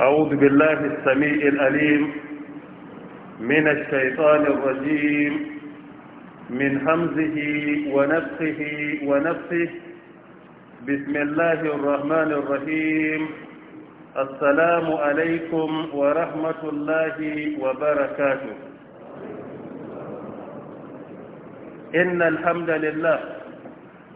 أعوذ بالله السميع الأليم من الشيطان الرجيم من همزه ونفخه ونفخه بسم الله الرحمن الرحيم السلام عليكم ورحمة الله وبركاته إن الحمد لله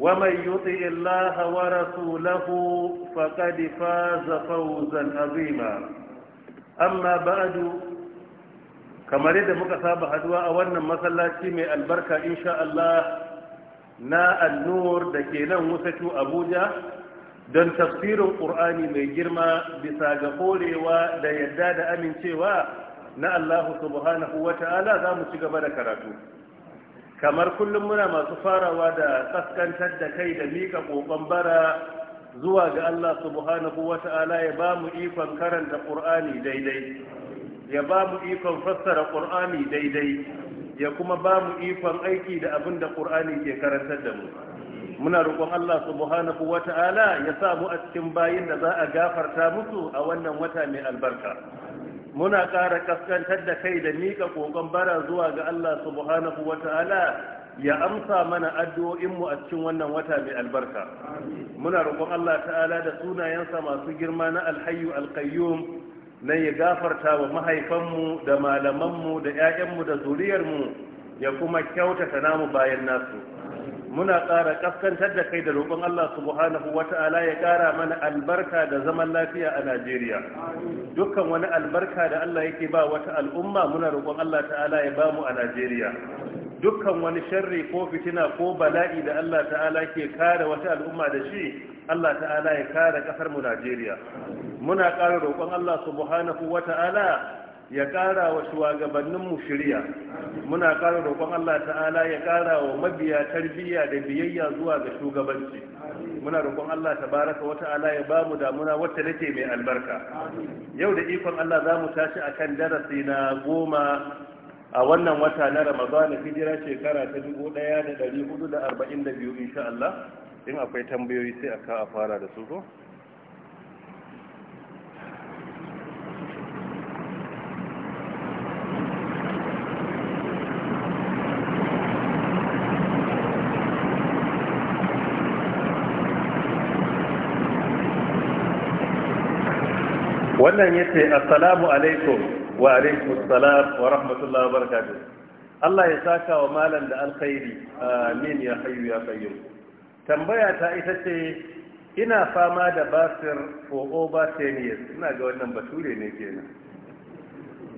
ومن يطع الله ورسوله فقد فاز فوزا عظيما أما بعد kamar yadda muka saba haduwa a wannan masallaci mai albarka insha Allah na annur da ke nan wusatu Abuja don tafsirin Qur'ani mai girma bisa ga korewa da yadda da amincewa na Allah subhanahu wa za mu ci gaba da karatu. kamar kullum muna masu farawa da kaskantar da kai da mika kokon bara zuwa ga Allah subhanahu ta'ala ya ba mu ikon karanta ƙur'ani daidai ya ba mu ikon fassara ƙur'ani daidai ya kuma ba mu ikon aiki da abin da Qur'ani ke karantar da mu muna roƙon Allah subhanahu ta'ala ya sa mu a cikin bayin da za a gafarta musu a wannan wata mai albarka muna ƙara ƙaskantar da kai da miƙa ƙoƙon bara zuwa ga Allah subhanahu wa ta'ala ya amsa mana addu'o'inmu a cikin wannan wata mai albarka muna roƙon Allah ta'ala da sunayensa masu girma na alhayu alqayyum na ya gafarta wa mahaifanmu da malamanmu da 'ya'yanmu da zuriyarmu ya kuma kyautata namu bayan nasu muna ƙara kaskantar da kai da roƙon Allah subhanahu ta'ala ya ƙara mana albarka da zaman lafiya a Najeriya dukkan wani albarka da Allah yake ba wata al'umma muna roƙon Allah ta'ala ya bamu a Najeriya dukkan wani sharri ko fitina ko bala'i da Allah ta'ala ke kare wata al'umma da shi Allah ta'ala ya kare ƙasar mu Najeriya muna ƙara roƙon Allah subhanahu ta'ala. ya ƙara wa mu shirya muna ƙara roƙon Allah ta'ala ya ƙara wa mabiya tarbiyya da biyayya zuwa ga shugabanci muna roƙon Allah tabaraka wa ta'ala ya bamu damuna wacce nake mai albarka yau da ikon Allah za mu tashi akan darasi na goma a wannan wata na Ramadan hijira shekara ta 1442 insha Allah in akwai tambayoyi sai aka fara da su zo wannan yace assalamu alaikum wa alaikum assalam wa rahmatullahi wa barakatuh Allah ya saka wa malam da alkhairi amin ya hayyu ya qayyum tambaya ta ita ce ina fama da basir for over 10 years ina ga wannan bature ne kenan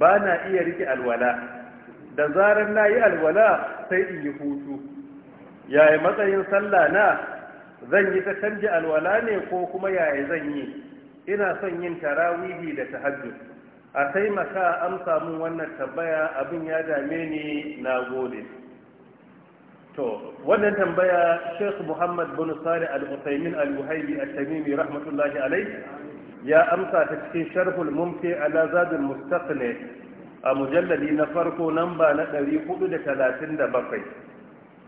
ba na iya rike alwala da zarar na yi alwala sai in yi hutu yaya matsayin sallah na zan yi ta canji alwala ne ko kuma yaya zan yi ina son yin tarawihi da tahajjud a taimaka amsa mun wannan tambaya abin ya dame ni na gode to wannan tambaya Sheikh Muhammad bin sari Al-Utsaimin Al-Muhaibi Al-Tamimi rahmatullahi alayh ya amsa ta cikin Sharhul Mumti ala Zadul Mustaqni a mujalladi na farko namba na 437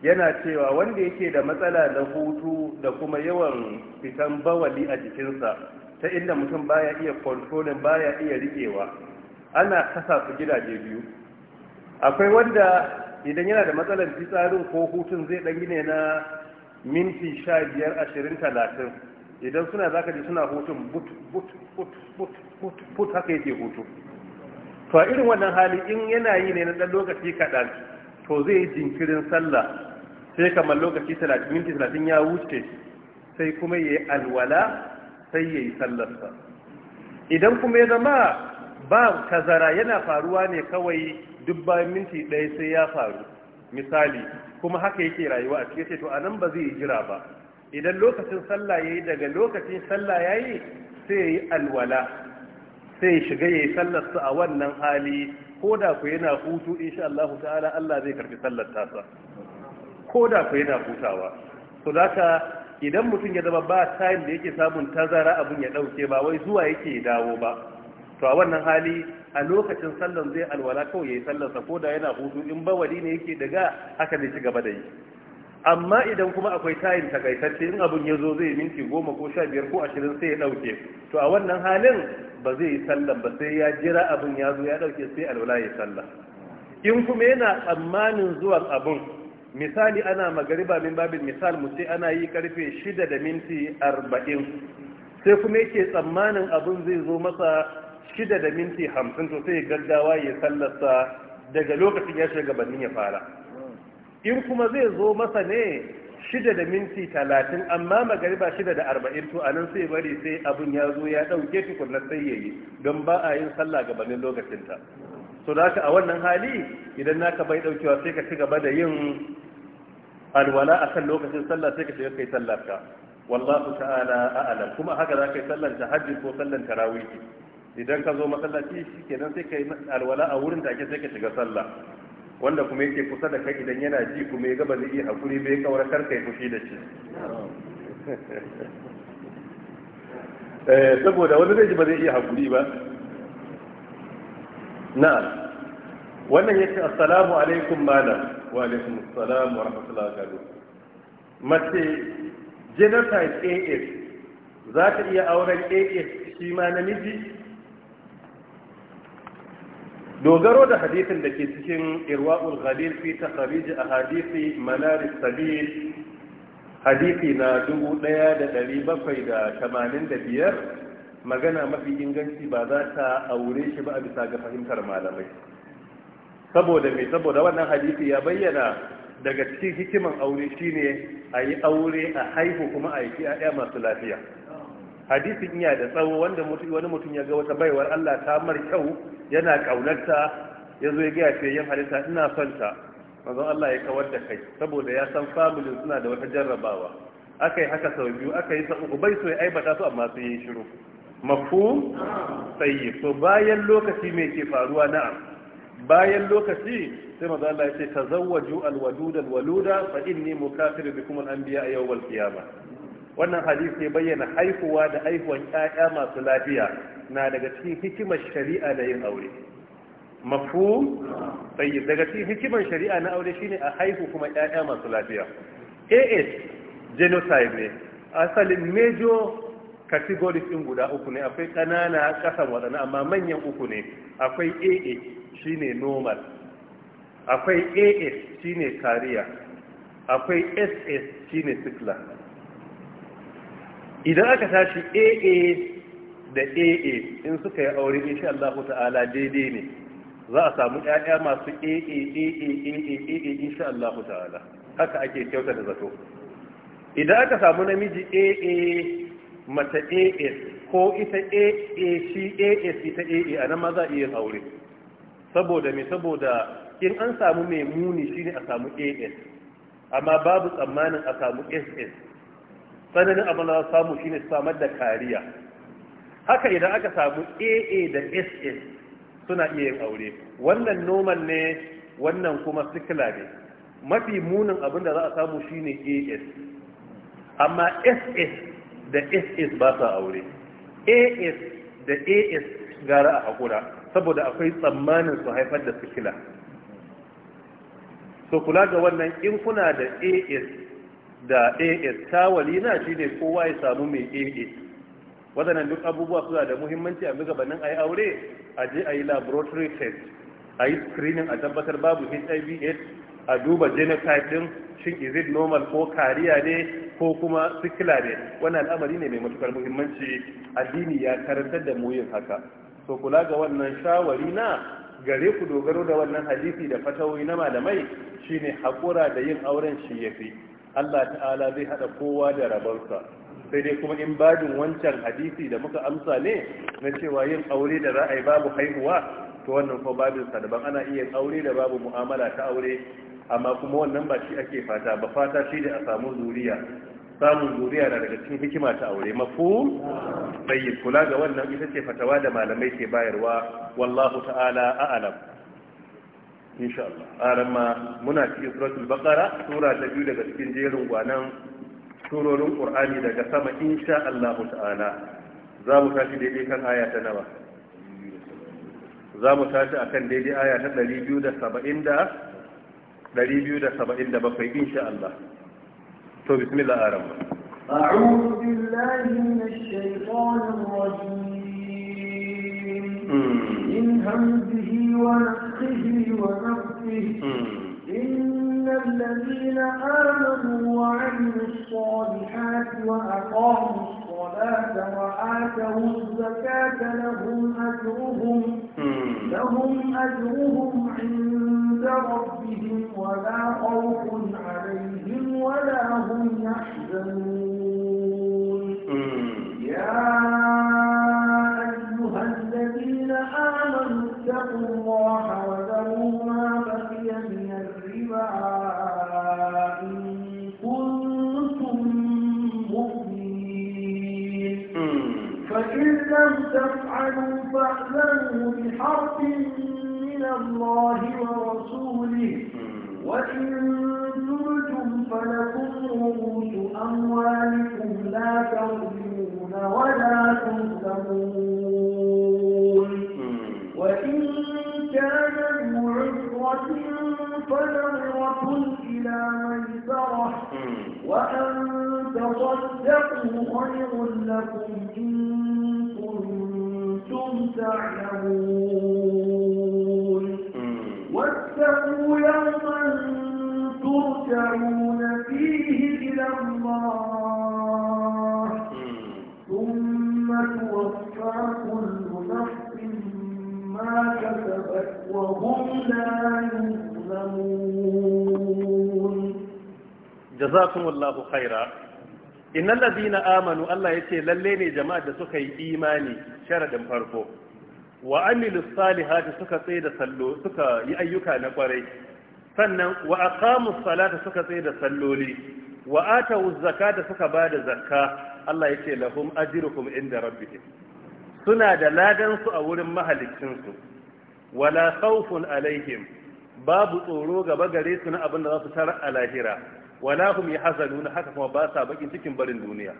yana cewa wanda yake da matsala na hutu da kuma yawan fitan bawali a jikinsa ta inda mutum baya iya kontrolin baya iya rikewa ana kasa su gidaje biyu akwai wanda idan yana da matsalar fitsarin ko hutun zai ɗan ne na minti sha biyar ashirin talatin idan suna zaka ji suna hutun but but but but but but haka yake hutu to a irin wannan hali in yana yi ne na ɗan lokaci kaɗan to zai yi jinkirin sallah sai kamar lokaci talatin minti talatin ya wuce sai kuma ya yi alwala sai ya yi sallarsa idan kuma ya zama ba kazara yana faruwa ne kawai duk bayan minti ɗaya sai ya faru misali kuma haka yake rayuwa a cikin to anan ba zai jira ba idan lokacin sallah yayi daga lokacin sallah yayi sai yayi alwala sai shiga yayi sallar sa a wannan hali koda ku yana hutu insha Allah ta'ala Allah zai karbi sallar tasa koda ku yana hutawa to zaka idan mutum ya zama ba time da yake samun tazara abin ya dauke ba wai zuwa yake dawo ba to a wannan hali a lokacin sallan zai alwala kawai yayi sallansa ko da yana hutu in bawali ne yake daga haka zai ci gaba da yi amma idan kuma akwai tayin takaitacce in abun ya zo zai minti goma ko sha biyar ko ashirin sai ya ɗauke to a wannan halin ba zai yi sallan ba sai ya jira abin ya zo ya ɗauke sai alwala ya yi sallah in kuma yana tsammanin zuwan abun misali ana magariba min babin misal mu ce ana yi karfe 6 da minti 40 sai kuma yake tsammanin abin zai zo masa 6 da minti 50 to sai gaggawa ya sallarsa daga lokacin ya shiga gabanin ya fara in kuma zai zo masa ne 6 da minti 30 amma magariba 6 da 40 to anan sai bari sai abin ya zo ya dauke tukunna sai ya yi don ba a yin sallah gabanin lokacinta to da a wannan hali idan naka bai daukewa sai ka ci gaba da yin alwala akan lokacin sallah sai ka shiga kai sallar ka wallahu ta'ala a'lam kuma haka za ka yi sallar tahajjud ko sallar tarawih idan ka zo masallaci shikenan sai ka yi alwala a wurin take sai ka shiga sallah wanda kuma yake kusa da kai idan yana ji kuma ya gaba zai iya hakuri bai kawar kar kai fushi da shi eh, saboda wani zai ji ba zai iya hakuri ba na'am wannan yace assalamu alaikum malam wa alaikum assalam wa rahmatullahi wa barakatuh mace genotype AS za ta iya auren AS shi ma namiji dogaro da hadisin da ke cikin irwa'ul ghalil fi a ahadisi manar sabil hadisi na 1785 magana mafi inganci ba za ta aure shi ba a bisa ga fahimtar malamai saboda mai saboda wannan hadisi ya bayyana daga cikin hikiman aure shine a yi aure a haihu kuma a yi ya'ya masu lafiya hadisi iya da tsawo wanda wani mutum ya ga wata baiwar Allah ta mar kyau yana kaunarta ya zo ya gaya ce yin halitta ina son ta mazan Allah ya kawar da kai saboda ya san familin suna da wata jarrabawa aka yi haka sau biyu aka yi sau uku bai so ya aibata su amma sun yi shiru Mafu, tsaye so bayan lokaci mai ke faruwa na bayan lokaci sai maza Allah ya ce tazawwaju alwadud alwaluda fa inni mukafiru bikum kuma anbiya a al-qiyamah wannan hadisi ya bayyana haihuwa da haihuwan ƴaƴa masu lafiya na daga cikin hikimar shari'a da yin aure Mafu, tsaye daga cikin hikimar shari'a na aure shine a haihu kuma ƴaƴa masu lafiya AH genocide ne asalin major categories ɗin guda uku ne akwai ƙanana ƙasan waɗannan amma manyan uku ne akwai aa shine normal akwai as shine kariya akwai ss shine sikla idan aka tashi aa da aa in suka yi aure insha Allah ta'ala daidai ne za a samu ƴaƴa masu aa aa aa insha Allah ta'ala haka ake kyautata zato idan aka samu namiji aa mata as ko ita aac as ita aa a nan ma za a iya aure saboda me saboda in an samu mai muni ne a samu as amma babu tsammanin a samu ss tsananin abin da samu shi ne samar da kariya haka idan aka samu aa da ss suna iya yin aure wannan noman ne wannan kuma sikila ne mafi munin abin da za a samu shi ne as amma ss da ss ba sa aure as da as gara a haƙura saboda akwai tsammanin su haifar da sikila so kula ga wannan in kuna da as da as tawali na shi ne kowa ya samu mai as waɗannan duk abubuwa suna da muhimmanci a gabanin a yi aure a je a yi laboratory test a yi screening a tabbatar babu hiv a duba genotype din shin is it normal ko kariya ne ko kuma sikila ne wannan al'amari ne mai matukar muhimmanci addini ya karantar da mu yin haka so kula ga wannan shawari na gare ku dogaro da wannan hadisi da fatawoyi na malamai shine hakura da yin auren shi yafi Allah ta'ala zai hada kowa da rabonsa. sai dai kuma in bajin wancan hadisi da muka amsa ne na cewa yin aure da za a yi babu haihuwa to wannan ko babin sa daban ana iya aure da babu mu'amala ta aure amma kuma wannan ba shi ake fata ba fata shi ne a samu zuriya samun zuriya na daga cikin hikima ta aure mafu bai kula ga wannan ita ce fatawa da malamai ke bayarwa wallahu ta'ala a'lam insha Allah aran ma muna cikin suratul baqara sura ta biyu daga cikin jerin gwanan surorin qur'ani daga sama insha Allah ta'ala za mu tashi daidai kan aya ta nawa za mu tashi akan daidai aya ta 270 da 277 insha Allah الله الرحمن الرحيم أعوذ بالله من الشيطان الرجيم من همزه ونفخه ونفخه إن الذين آمنوا وعملوا الصالحات وأقاموا الصلاة وآتوا الزكاة لهم أجرهم لهم أجرهم عند ربهم ولا خوف عليهم ولا هم يحزنون يا أيها الذين آمنوا اتقوا الله وذروا ما بقي من الربا إن كنتم مؤمنين فإن لم تفعلوا فاعلموا بحرب الله ورسوله وإن تبتم فلكم رؤوس أموالكم لا تظلمون ولا تظلمون وإن كان ذو عسرة فنظرة إلى ميسرة وأن تصدقوا خير لكم إن كنتم تعلمون jazakumullahu haira. Ina ladina amanu Allah yace lallai ne jama'a da suka yi imani sharadin farko wa amilus salihati suka tsaye da sallo suka yi ayyuka na kwarai sannan Wa'akamu aqamus salata suka tsai da salloli wa atawuz zakata suka ba da zakka Allah yace lahum ajruhum inda rabbihim suna da ladansu a wurin mahalicin wala khawfun alaihim babu tsoro gaba gare su na abin da za su tarar a lahira wala hum yahzanuna haka kuma ba sa bakin cikin barin duniya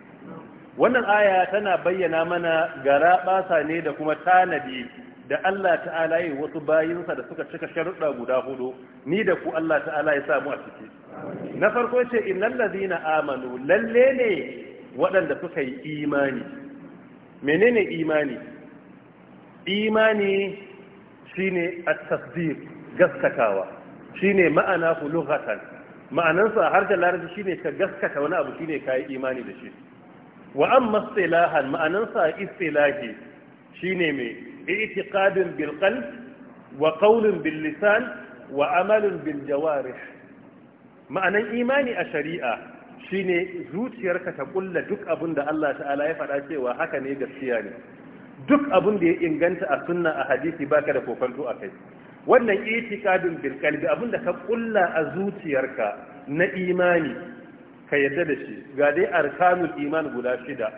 wannan aya tana bayyana mana gara basa ne da kuma tanadi da Allah ta'ala yi wasu bayinsa da suka cika sharuɗa guda hudu ni da ku Allah ta'ala ya samu a ciki na farko ce innal ladina amanu lalle ne waɗanda suka yi imani menene imani imani shine at-tasdiq gaskatawa shine ma'ana lughatan ma'anansa har da larabci shine ka gaskata wani abu shine ka yi imani da shi wa amma istilahan ma'anansa istilahi shine mai i'tiqadun bil qalb wa qawlun bil lisan wa amalun bil ma'anan imani a shari'a shine zuciyarka ta kulla duk abin da Allah ta'ala ya faɗa cewa haka ne gaskiya ne duk abin da ya inganta a sunna a hadisi baka da kokonto a kai wannan itikadin bil qalbi abinda ka kulla a zuciyarka na imani ka yadda da shi ga dai arkanul iman guda shida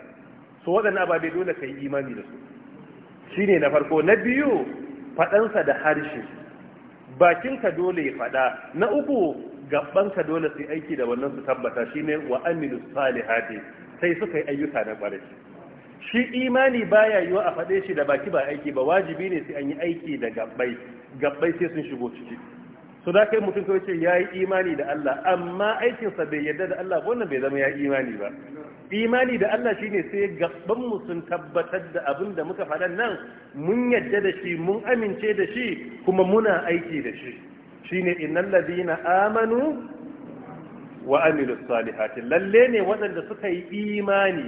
so waɗannan ababe dole ka yi imani da su shine na farko na biyu faɗansa da harshe bakinka dole ya faɗa na uku gabanka dole su aiki da wannan su tabbata shine wa amilu salihati sai suka yi ayyuka na ƙwarai shi imani baya yiwa a faɗe shi da baki ba aiki ba wajibi ne sai an yi aiki da gabbai gabbai sai sun shigo ciki su da kai mutum kawai ce ya yi imani da Allah amma aikinsa bai yarda da Allah wannan bai zama ya yi imani ba imani da Allah shine sai gaban sun tabbatar da abin da muka faɗa nan mun yarda da shi mun amince da shi kuma muna aiki da shi shine innal ladina amanu wa amilus salihati lalle ne waɗanda suka yi imani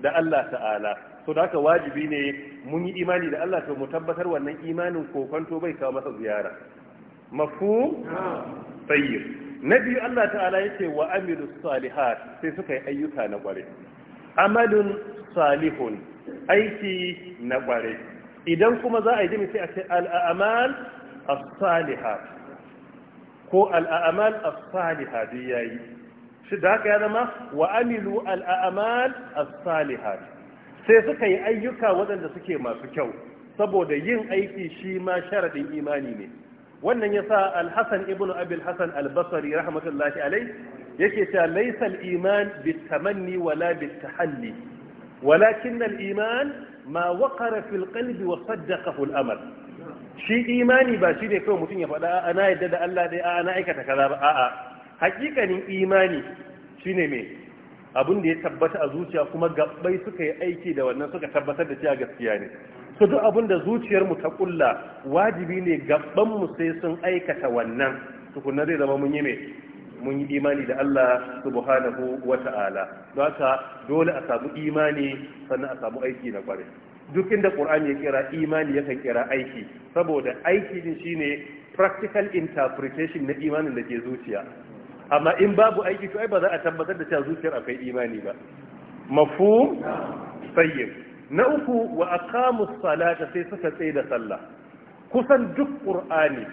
da Allah ta'ala so da haka wajibi ne mun yi imani da Allah to mu tabbatar wannan imanin kokonto bai kawo masa ziyara mafhum tayyib na biyu Allah ta'ala yace wa amilu salihat sai suka yi ayyuka na kware amalun salihun aiki na kware idan kuma za a yi sai a ce al'amal as-salihat ko al'amal as-salihat yayi shi da haka ya zama wa amilu al'amal as-salihat sai suka yi ayyuka waɗanda suke masu kyau saboda yin aiki shi ma sharaɗin imani ne wannan yasa sa hasan ibn Abi al rahmatullahi alai yake cewa laysa al bitamanni wala bitahalli walakin nan iman ma waƙara fil qalbi wa saddaqahu al-amal shi imani ba shi ne kawai mutum ya faɗa ana yadda da Allah dai a ana aikata kaza ba a'a hakikanin imani shine mai. abin da ya tabbata a zuciya kuma gabbai suka yi aiki da wannan suka tabbatar da cewa gaskiya ne su duk abin da zuciyar mu ta kulla wajibi ne gabban mu sai sun aikata wannan tukunna zai zama mun yi mai mun yi imani da Allah subhanahu wa ta'ala don haka dole a samu imani sannan a samu aiki na kwarai duk inda qur'ani ya kira imani yakan kira aiki saboda aiki din shine practical interpretation na imanin da ke zuciya amma in babu aiki to ai ba za a tabbatar da cewa zuciyar akwai imani ba mafhum tayyib na uku wa aqamus salata sai suka tsaye da sallah kusan duk qur'ani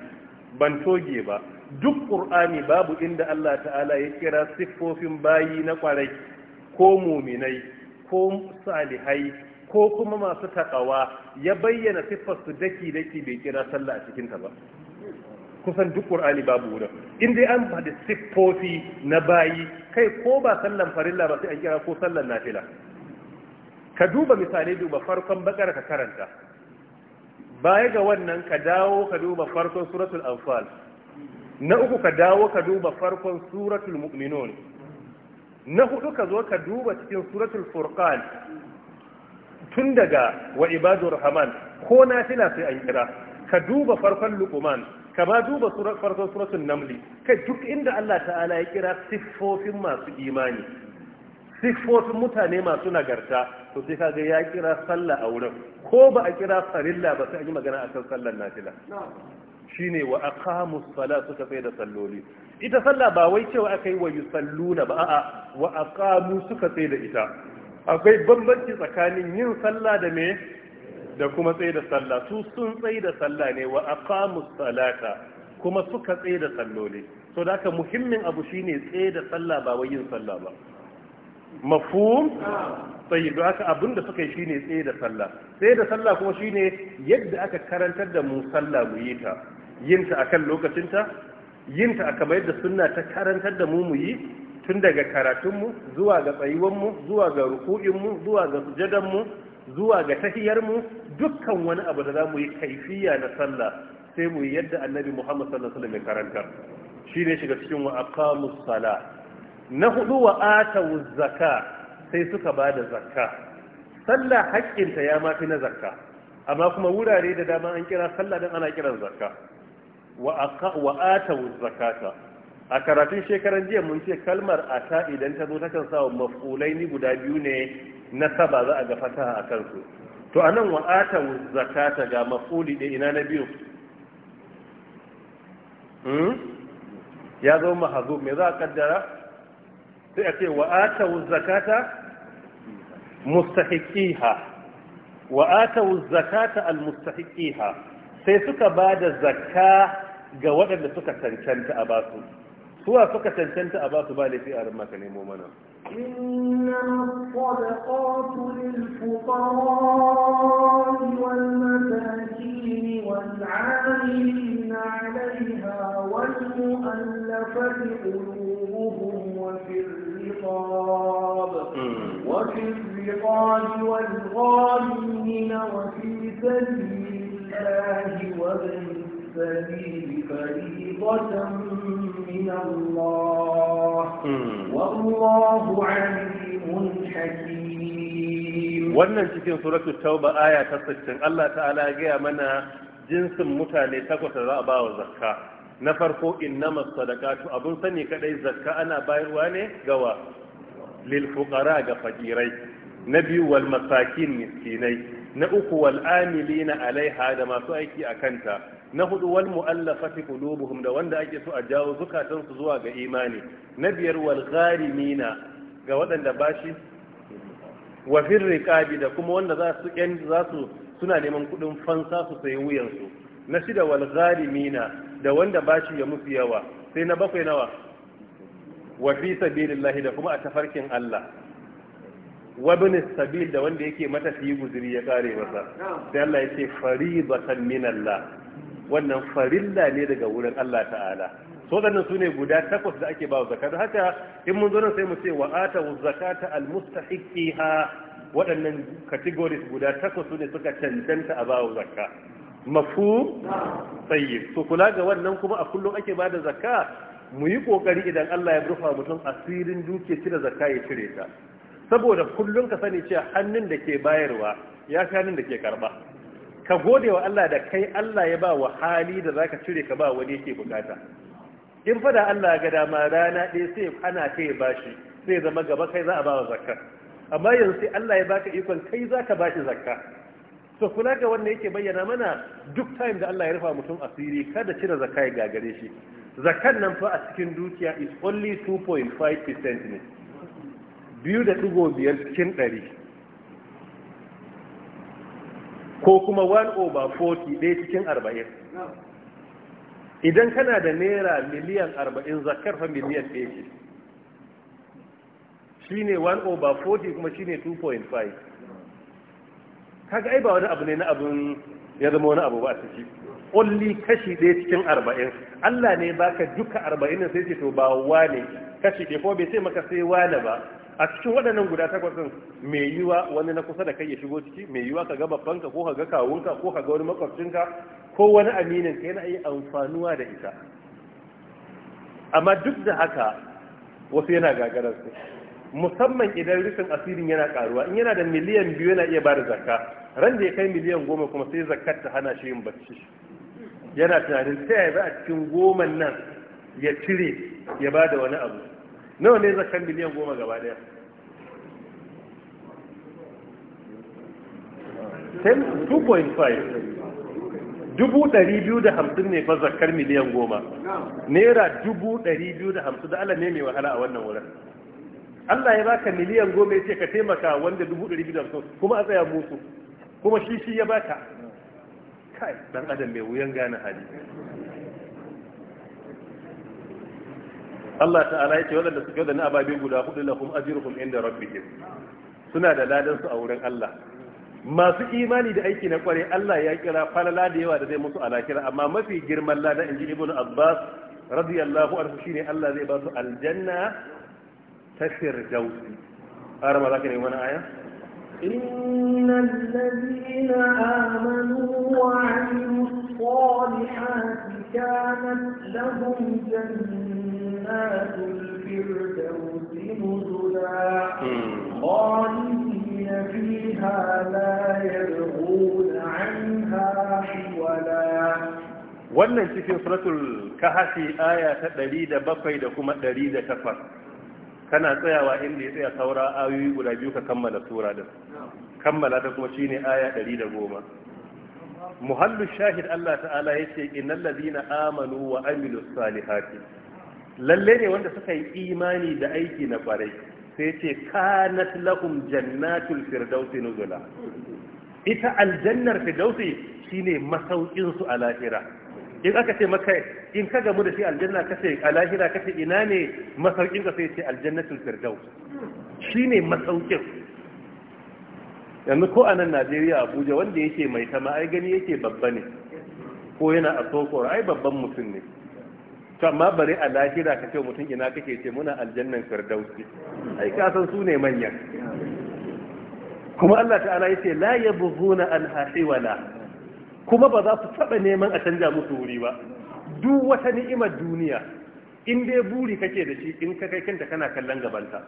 ban toge ba duk qur'ani babu inda Allah ta'ala ya kira siffofin bayi na kwarai ko muminai ko salihai ko kuma masu takawa ya bayyana siffar su daki daki bai kira sallah a cikinta ba kusan duk qur'ani babu wurin in dai an faɗi siffofi na bayi kai ko ba sallan farilla ba sai an kira ko sallan nafila ka duba misali duba farkon bakar ka karanta baya ga wannan ka dawo ka duba farkon suratul anfal na uku ka dawo ka duba farkon suratul mu'minun na hudu ka zo ka duba cikin suratul furqan tun daga wa ibadur rahman ko nafila sai an kira ka duba farkon luqman ka ba duba farkon suratun namli kai duk inda Allah ta'ala ya kira siffofin masu imani siffofin mutane masu nagarta to sai kaga ya kira sallah a wurin ko ba a kira farilla ba sai an yi magana akan sallar nafila shine wa aqamu sala suka tsaye da salloli ita sallah ba wai cewa akai wa yusalluna ba a'a wa aqamu suka tsaye da ita akwai bambanci tsakanin yin sallah da me da kuma tsaye da sallah su sun tsaye da sallah ne wa aqamu salata kuma suka tsaye da salloli so da haka muhimmin abu shine tsaye da sallah ba wai yin sallah ba mafhum sai da haka abin da suka yi shine tsaye da sallah tsaye da sallah kuma shine yadda aka karantar da mu sallah mu yi ta yin ta akan lokacin ta yin ta aka bayar da sunna ta karantar da mu mu yi tun daga karatunmu zuwa ga tsayuwanmu zuwa ga ruku'inmu zuwa ga sujadanmu zuwa ga tahiyar mu dukkan wani abu da zamu yi kaifiya na sallah sai mu yi yadda annabi Muhammad sallallahu alaihi wasallam ya karanta shi ne shiga cikin wa aqamus sala na hudu wa atawuz zakka sai suka ba da zakka sallah haƙƙinta ya mafi na zakka amma kuma wurare da dama an kira sallah dan ana kiran zakka wa zakata a karatun shekaran jiya mun ce kalmar ata idan ta zo takan sa mafulai ni guda biyu ne na saba za a ga fataha a kansu to a nan ata zakata ga mafuli da ina na biyu hmm? ya zo mahazu me za a kaddara sai a ce wa zakata mustahiqiha wa'ata zakata al mustahiqiha sai suka ba da zakka ga waɗanda suka cancanta a basu suwa suka cancanta a ba su ba laifi a ramma ka إنما الصدقات للفقراء والمساكين والعاملين عليها والمؤلفة قلوبهم وفي الرقاب وفي الرقاب والغالين وفي سبيل الله وبين wannan cikin suratu tauba aya ta 60 Allah ta'ala ya gaya mana jinsin mutane takwas da za a ba wa zakka na farko innama sadaqatu abun sani kadai zakka ana bayarwa ne wa? lil fuqara ga fakirai na biyu wal masakin miskinai na uku wal amilina alaiha da masu aiki a kanta na hudu wal mu'allafati qulubuhum da wanda ake so a jawo su zuwa ga imani na biyar wal gharimina ga waɗanda bashi wa fil riqabi da kuma wanda za su za su suna neman kudin fansa su sayi wuyan su na shida wal gharimina da wanda bashi ya musu yawa sai na bakwai nawa wa fi sabilillahi da kuma a tafarkin Allah wabin sabil da wanda yake matafi guzuri ya kare masa sai Allah ya ce faribatan min wannan farilla ne daga wurin Allah ta'ala so dan su ne guda takwas da ake ba wa zakka haka in mun zo nan sai mu ce wa wa zakata al mustahiqiha waɗannan categories guda takwas ne suka cancanta a ba zakka mafu tsayi. to kula ga wannan kuma a kullum ake ba da zakka mu yi kokari idan Allah ya rufa mutum asirin duke cire zakka ya cire ta saboda kullum ka sani cewa hannun da ke bayarwa ya fi hannun da ke karɓa. ka gode wa Allah da kai Allah ya ba wa hali da zaka cire ka ba wani yake bukata in fada Allah ga dama rana ɗaya sai ana ta ya bashi sai zama gaba kai za a ba wa zakka amma yanzu sai Allah ya baka ikon kai za ka bashi zakka To kula ga wanda yake bayyana mana duk time da Allah ya rufa mutum asiri kada cire zakka ya gagare shi zakkan nan fa a cikin dukiya is only 2.5% ne biyu da ɗigo biyar cikin ɗari ko kuma 1 over 40 ɗaya cikin 40 idan kana da naira miliyan 40 zakar fa miliyan ɗaya shi ne 1 over 40 kuma shi ne 2.5 kaga ai ba wani abu ne na abin ya zama wani abu ba a ciki kulli kashi ɗaya cikin 40 Allah ne baka duka 40 sai ce to ba wane kashi ɗaya ko bai sai maka sai wane ba a cikin waɗannan guda takwas ɗin mai yiwa wani na kusa da kai ya shigo ciki mai yiwa ka ga babbanka ko ka ga kawunka ko ka ga wani makwabcinka ko wani aminin ka yana yi amfanuwa da ita amma duk da haka wasu yana gagarar su musamman idan rufin asirin yana karuwa in yana da miliyan biyu yana iya bada zakka ran da ya kai miliyan goma kuma sai zakkar ta hana shi yin bacci yana tunanin ta yaya za a cikin goman nan ya cire ya ba da wani abu nawa ne zakar miliyan goma gaba daya dubu ɗari biyu da hamsin ne fa zakar miliyan goma naira dubu ɗari biyu da hamsin da Allah ne mai wahala a wannan wurin Allah ya baka miliyan goma ya ce ka taimaka wanda dubu ɗari biyu da hamsin kuma a tsaya musu kuma shi shi ya baka kai dan adam mai wuyan gane hali Allah ta'ala yace wadanda suka da ababe guda hudu kuma ajruhum inda rabbihim suna da ladan su a wurin Allah masu imani da aiki na kware Allah ya kira falala da yawa da zai musu alakira amma mafi girman lada in ji ibnu abbas radiyallahu anhu shine Allah zai ba su aljanna ta firdausi har ma zaka ne wani aya إن الذين آمنوا وعملوا الصالحات كانت لهم جنات الفردوس نزلا خالدين فيها لا يبغون عنها حولا wannan cikin suratul kahfi aya ta 107 da kuma 108 kana tsayawa inda ya tsaya saura ayoyi guda biyu ka kammala sura din kammala ta kuma shine aya ɗari da goma. muhallu shahid Allah ta'ala ya ce, innal ladina amanu wa amilu salihati lalle ne wanda suka yi imani da aiki na kwarai sai ce kanat lahum jannatul firdausi nuzula ita aljannar firdausi shine masaukin su a lahira in aka ce maka in ka gamu da shi aljanna ka ce, a lahira ka ce, ina ne masaukin ka sai ce aljannatul firdaus ne masaukin yanzu ko a nan Najeriya Abuja wanda yake mai tama ai gani yake babba ne ko yana a sokoro ai babban mutum ne to amma bari a lahira ka ce mutum ina kake ce muna aljannan ce ai ka san su ne manyan kuma Allah ta'ala yace la yabghuna al-hasi wala kuma ba za su taɓa neman a canja musu wuri ba duk wata ni'imar duniya in dai buri kake da shi in ka kai kanta kana kallon gabanta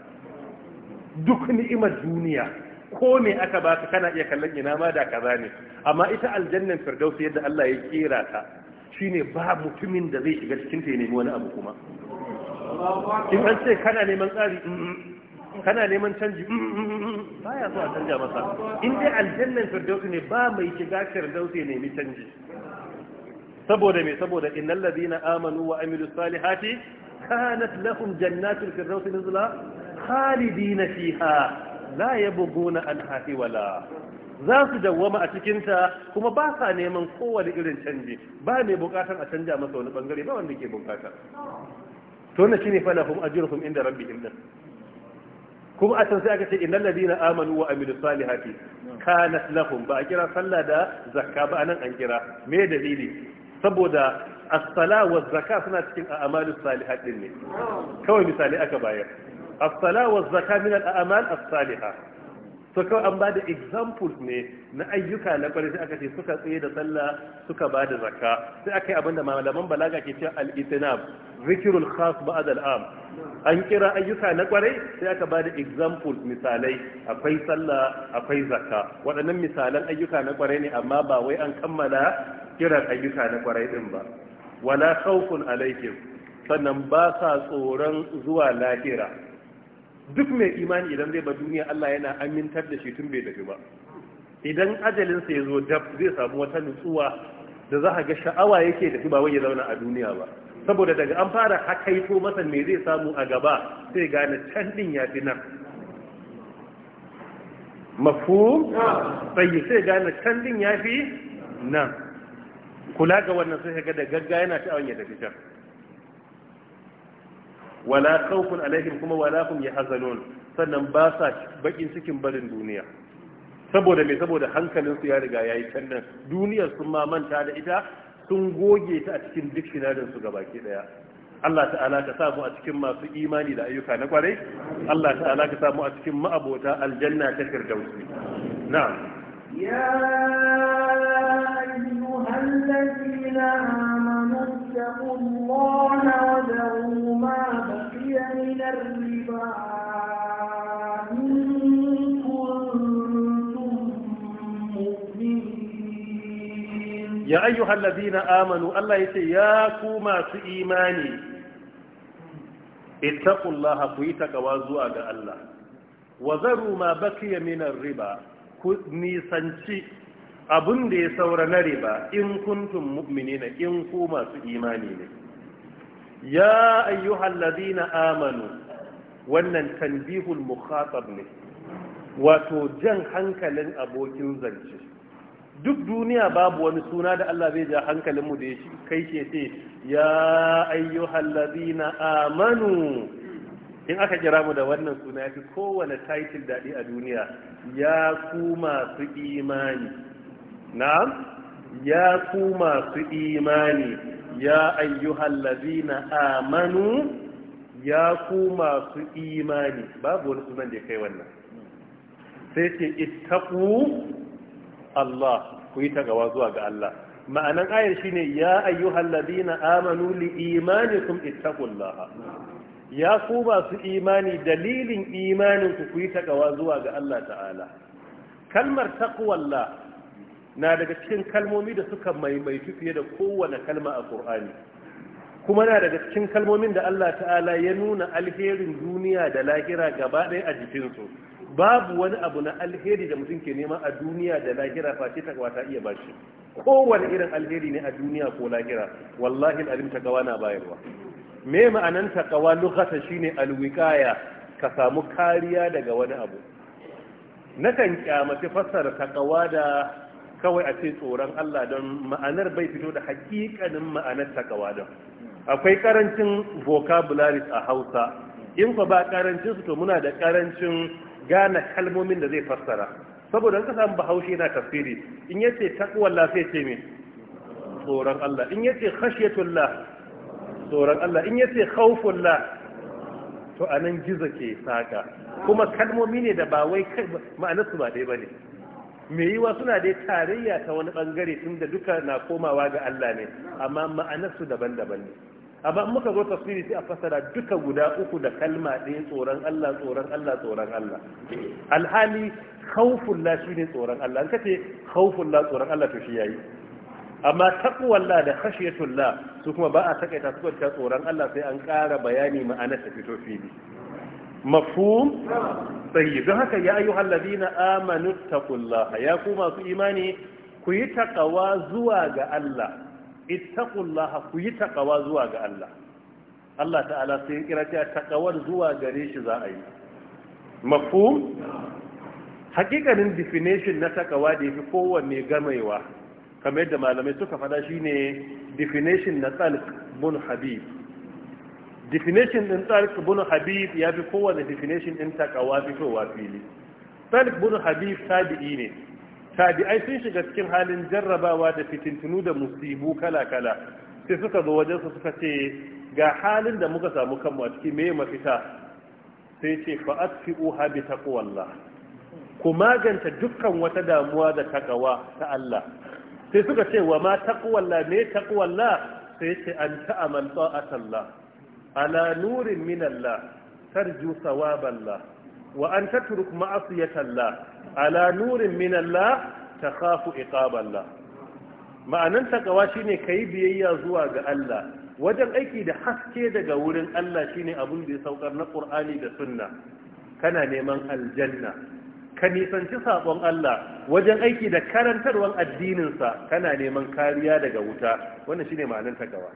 duk ni'imar duniya ko me aka baka kana iya kallon ina ma da kaza ne amma ita aljannan firdausi yadda Allah ya kera ta shine ba mutumin da zai shiga cikin ta ya nemi wani abu kuma in an ce kana neman tsari kana neman canji baya so a canja masa in dai aljannan firdausi ne ba mai shiga firdausi ne mai canji saboda me saboda innal na amanu wa amilus salihati kanat lahum jannatul firdausi nuzula khalidina fiha la yabghuna anha wala za su dawwama a cikinta kuma ba sa neman kowane irin canji ba mai bukatar a canja masa wani bangare ba wanda ke bukata to na shine falahum ajruhum inda Rabbi din kuma a can sai aka ce innal ladina amanu wa amilu salihati kanat lahum ba a kira sallah da zakka ba anan an kira me dalili saboda as-sala wa zakka suna cikin a'malu salihat ne kawai misali aka bayar as-sala wa zakka min al-a'mal as to kawai an bada examples ne na ayyuka na kwarai sai aka ce suka tsaye da sallah suka bada zakka sai aka yi abinda malaman balaga ke cewa al-itinab zikrul khas ba'd al-am an kira ayyuka na kwarai sai aka ba da example misalai akwai sallah akwai zakka waɗannan misalan ayyuka na kwarai ne amma ba wai an kammala kiran ayyuka na kwarai din ba wala khawfun alaikum sannan ba sa tsoron zuwa lahira duk mai imani idan zai ba duniya Allah yana amintar da shi tun bai tafi ba idan ajalinsa ya zo dab zai samu wata nutsuwa da za ga sha'awa yake tafi ba wai ya zauna a duniya ba saboda daga an fara hakaito masa me zai samu a gaba sai gane can din ya fi nan mafu tsayi ah. sai gane can din ya fi nan kula ga wannan sai ga da gagga yana ta ya da fitar wala khawfun alaihim kuma wala yi yahzanun sannan ba sa bakin cikin barin duniya saboda me saboda hankalinsu su ya riga yayi can nan duniyar sun ma manta da ita sun goge ta a cikin duk shinarin su gabaki daya Allah ta'ala ka samu a cikin masu imani da ayyuka na kwarai Allah ta'ala ka samu a cikin ma'abota aljanna ta firdausi na'am ya ayyuhal ladina amanu taqullaha wa daru ma baqiya min ar-riba ya ayyuhal na amanu Allah yace ya ku masu imani ittaqullaha ku yi takawa zuwa ga Allah wa zaru ma baqiya min riba ku nisanci abun da ya saura na riba in kuntum mu'minina in ku masu imani ne ya ayyuhal na amanu wannan tanbihul mukhatab ne wato jan hankalin abokin zance duk duniya babu wani suna da Allah zai ja hankalinmu da ya kai ke ce ya ayyuhal ladina amanu in aka kira mu da wannan suna ya fi kowane title daɗi a duniya ya ku masu imani na ya ku masu imani ya ayyuhal ladina amanu ya ku masu imani babu wani sunan da ya kai wannan sai ce ittaqu Allah ku yi tagawa zuwa ga Allah ma'anan ayar shine ya ayyuhal ladina amanu li imanikum ittaqullaha ya ku ba su imani dalilin imanin ku ku yi tagawa zuwa ga Allah ta'ala kalmar taqwallah na daga cikin kalmomi da suka maimaitu fiye da kowane kalma a Qur'ani kuma na daga cikin kalmomin da Allah ta'ala ya nuna alherin duniya da lahira gaba ɗaya a jikinsu babu wani abu na alheri da mutum ke nema a duniya da lahira face takwa ta iya bashi kowane irin alheri ne a duniya ko lahira wallahi alim takawa na bayarwa me ma'anan takawa lughata shine alwiqaya ka samu kariya daga wani abu nakan fassar fassara takawa da kawai a ce tsoron Allah don ma'anar bai fito da hakikanin ma'anar takawa don akwai karancin vocabularies a Hausa in ba karancin su to muna da karancin gane kalmomin da zai fassara saboda ka samu bahaushe na tafsiri in yace taqwallah sai ce me tsoron Allah in yace khashiyatullah tsoron Allah in yace khawfullah to anan gizo ke saka kuma kalmomi ne da ba wai ma'anarsu ba dai bane me yiwa suna dai tarayya ta wani bangare tunda duka na komawa ga Allah ne amma ma'anar su daban-daban ne amma in muka zo tafsiri sai a fasara duka guda uku da kalma ɗaya tsoron Allah tsoron Allah tsoron Allah alhali khawful la shine tsoron Allah an kace khawful la tsoron Allah to shi yayi amma taqwal la da khashiyatul la su kuma ba a takaita su ta tsoron Allah sai an ƙara bayani ma'ana ta fito fili mafhum sai don haka ya ayyuhal ladina amanu taqullaha ya ku masu imani ku yi taqwa zuwa ga Allah ittaqullaha ku yi taqawa zuwa ga Allah Allah ta'ala sai kira ta taqawar zuwa gare shi za a yi mafhum hakikanin definition na takawa da yafi kowanne gamaiwa kamar yadda malamai suka faɗa shine definition na tsalq bun habib definition din tsalq bun habib ya fi kowanne definition din takawa fitowa fili tsalq bun habib tabi'i ne tabi'ai sun shiga cikin halin jarrabawa da fitintunu da musibu kala-kala sai suka zo wajen su suka ce ga halin da muka samu kanmu a ciki me mafita sai ce fa atfi'uha bi taqwallah ku maganta dukkan wata damuwa da takawa ta Allah sai suka ce wa ma taqwallah me taqwallah sai ce an ta'amal ta'atallah ala nurin min Allah tarju sawaballah wa an tatruk ma'asiyatallah ala nurin min Allah takhafu iqaballah ma'anan takawa shine kai biyayya zuwa ga Allah wajen aiki da haske daga wurin Allah shine abin da ya saukar na Qur'ani da Sunna kana neman aljanna ka nisanci sabon Allah wajen aiki da karantarwar addininsa kana neman kariya daga wuta wannan shine ma'anan takawa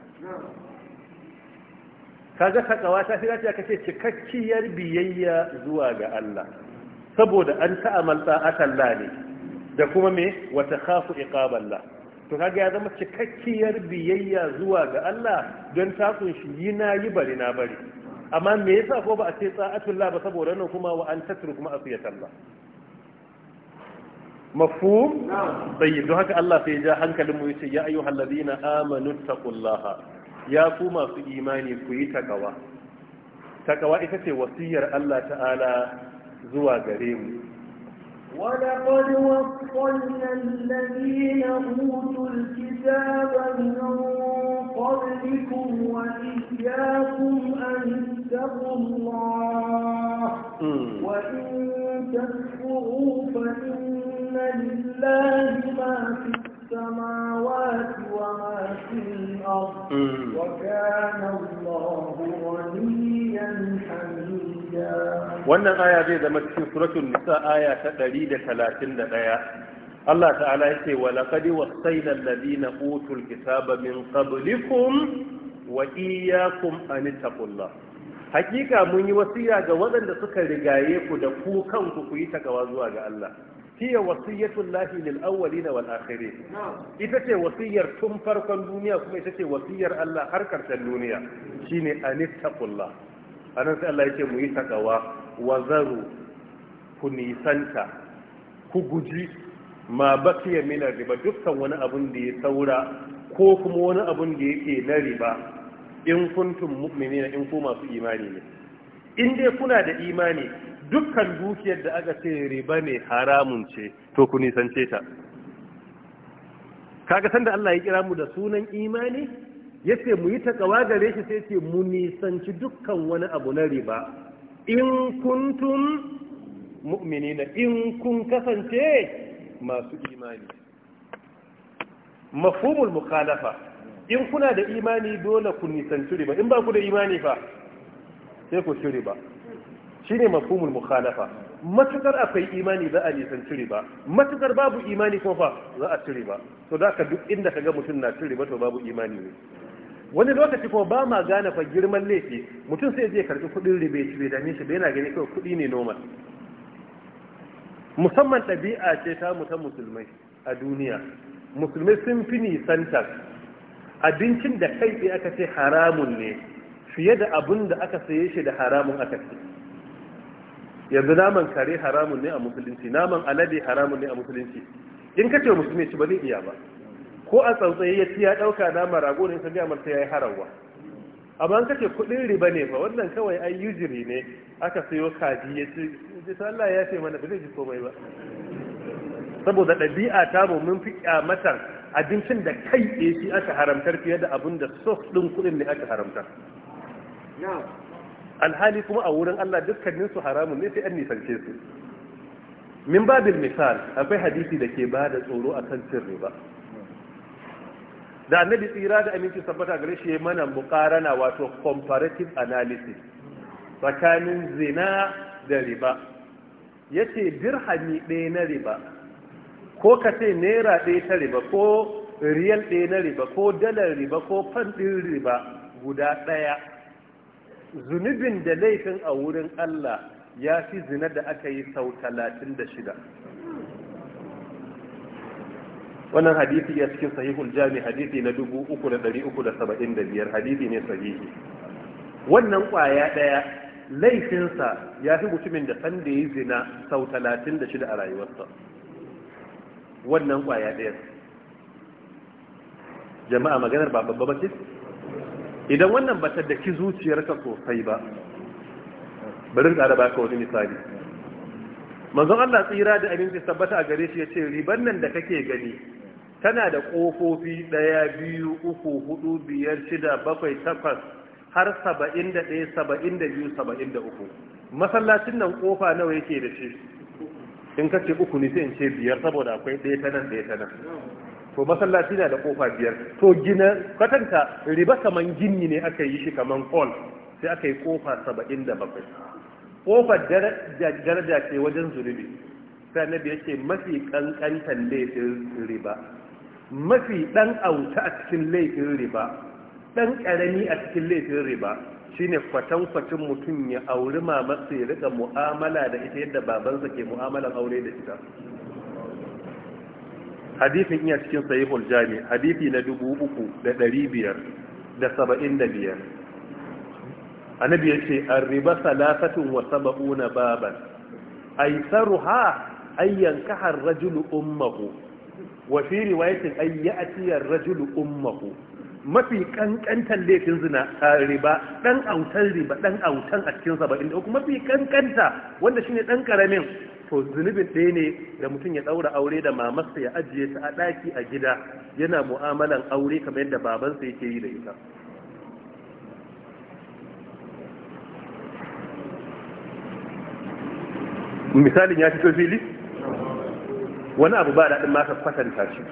kaga takawa ta fi dace kace cikakkiyar biyayya zuwa ga Allah saboda an a ta'atalla ne da kuma me wata khafu iqaballah to kaga ya zama cikakkiyar biyayya zuwa ga Allah don ta kunshi yi na yi bari na bari amma me yasa ko ba a ce la ba saboda nan kuma wa an tatru kuma asiyatallah mafhum tayyib don haka Allah sai ya ja hankalin mu yace ya ayyuhallazina amanu taqullaha ya ku masu imani ku yi takawa takawa ita ce wasiyar Allah ta'ala zuwa gare mu ولقد وصلنا الذين أوتوا الكتاب من قبلكم وإياكم أن اتقوا الله وإن تكفروا فإن لله ما في السماوات وما في الأرض وكان الله غنيا حميدا wannan aya zai zama cikin suratul nisa aya ta 131 Allah ta'ala yace wa laqad wasayna alladhina utul kitaba min qablikum wa iyyakum an taqullah hakika mun yi wasiya ga waɗanda suka rigaye ku da ku kanku ku yi takawa zuwa ga Allah hiya wasiyatul lahi lil awwalina wal akhirin ita ce wasiyyar tun farkon duniya kuma ita ce wasiyyar Allah har karshen duniya shine anittaqullah anan sai Allah yake mu yi takawa wa zaru ku ku guji ma bakiya min riba dukkan wani abun da ya saura ko kuma wani abun da yake na riba in kuntum mu'minina in ku masu imani ne in dai kuna da imani dukkan dukiyar da aka ce riba ne haramun ce to ku nisance ta kaga da Allah ya kira mu da sunan imani yace mu yi takawa gare shi sai ce mu nisanci dukkan wani abu na riba in kuntum mu'minina in kun kasance masu imani mafhumul mukhalafa in kuna da imani dole ku nisanci riba in ba ku da imani fa sai ku ci riba shine mafhumul mukhalafa matukar akwai imani za a nisanci ba matukar babu imani kuma fa za a ci ba to da ka duk inda kaga mutum na cire ba to babu imani ne wani lokaci kuma ba ma gane fa girman laifi mutum sai zai karbi kudin ribe shi bai dame shi bai yana gani kawai kudi ne normal musamman ɗabi'a ce ta mutan musulmai a duniya musulmai sun fi nisanta abincin da kai tsaye aka ce haramun ne fiye da abun da aka saye shi da haramun aka ce yanzu naman kare haramun ne a musulunci naman alade haramun ne a musulunci in kace musulmi ci ba zai iya ba ko a tsautsaye ya ci ya dauka nama rago ne sai ya marta yayi harawa amma an kace kudin riba ne fa wannan kawai ai yujiri ne aka sayo kaji ya ci sai Allah ya ce mana ba zai ji komai ba saboda ɗabi'a ta mu mun fi kyamatar abincin da kai ɗaya shi aka haramtar fiye da abin da sof ɗin kuɗin ne aka haramtar. alhali kuma a wurin Allah dukkanin su haramun ne sai an nisance su min babil misal akwai hadisi da ke bada tsoro a kan cin riba da annabi tsira da aminci sabbata gare shi mana muqarana wato comparative analysis tsakanin zina da riba yace dirhami ɗaya na riba ko ka ce naira ɗaya ta riba ko riyal ɗaya na riba ko dalar riba ko fan riba guda ɗaya zunubin da laifin a wurin Allah ya fi zina da aka yi sau talatin da shida wannan hadithi ya cikin sahihul jami hadithi na dubu uku da dari uku da saba'in da biyar hadisi ne sahihi wannan ƙwaya ɗaya laifinsa ya fi mutumin da san da yi zina sau talatin da shida a rayuwarsa wannan ƙwaya ɗaya jama'a maganar ba babba idan wannan ba ta daki zuciyarka sosai ba bari in ba baka wani misali manzon Allah tsira da abinci tabbata a gare shi ya ce riban nan da kake gani tana da ƙofofi ɗaya biyu uku hudu biyar shida bakwai takwas har saba'in da ɗaya saba'in da biyu saba'in da uku masallacin nan ƙofa nawa yake da shi in ka ce uku ne sai in ce biyar saboda akwai ɗaya ta nan ɗaya ta nan to masallaci na da kofa biyar to gina katanta riba kaman gini ne aka yi shi kaman hall sai aka yi kofa saba'in da bakwai daraja ce wajen zunubi sai annabi ya ce mafi kankantan laifin riba mafi dan auta a cikin laifin riba dan karami a cikin laifin riba shine kwatankwacin mutum ya auri mamarsa ya rika mu'amala da ita yadda babansa ke mu'amalar aure da ita hadisin iya cikin sahihul jami hadisi na 3575 annabi ce, an riba salasatun wa sab'una baban aitharuha ay yankaha ar-rajulu ummuhu Wafi fi riwayatin ay ya'ti rajulu ummuhu mafi kankantar laifin zina a riba dan autan riba dan autan a cikin mafi kankanta wanda shine dan karamin to zunubin ɗaya ne da mutum ya ɗaura aure da mamarsa ya ajiye ta a ɗaki a gida yana mu'amalan aure kamar yadda babansa yake yi da ita misalin ya fito fili wani abu ba daɗin maka kwatanta shi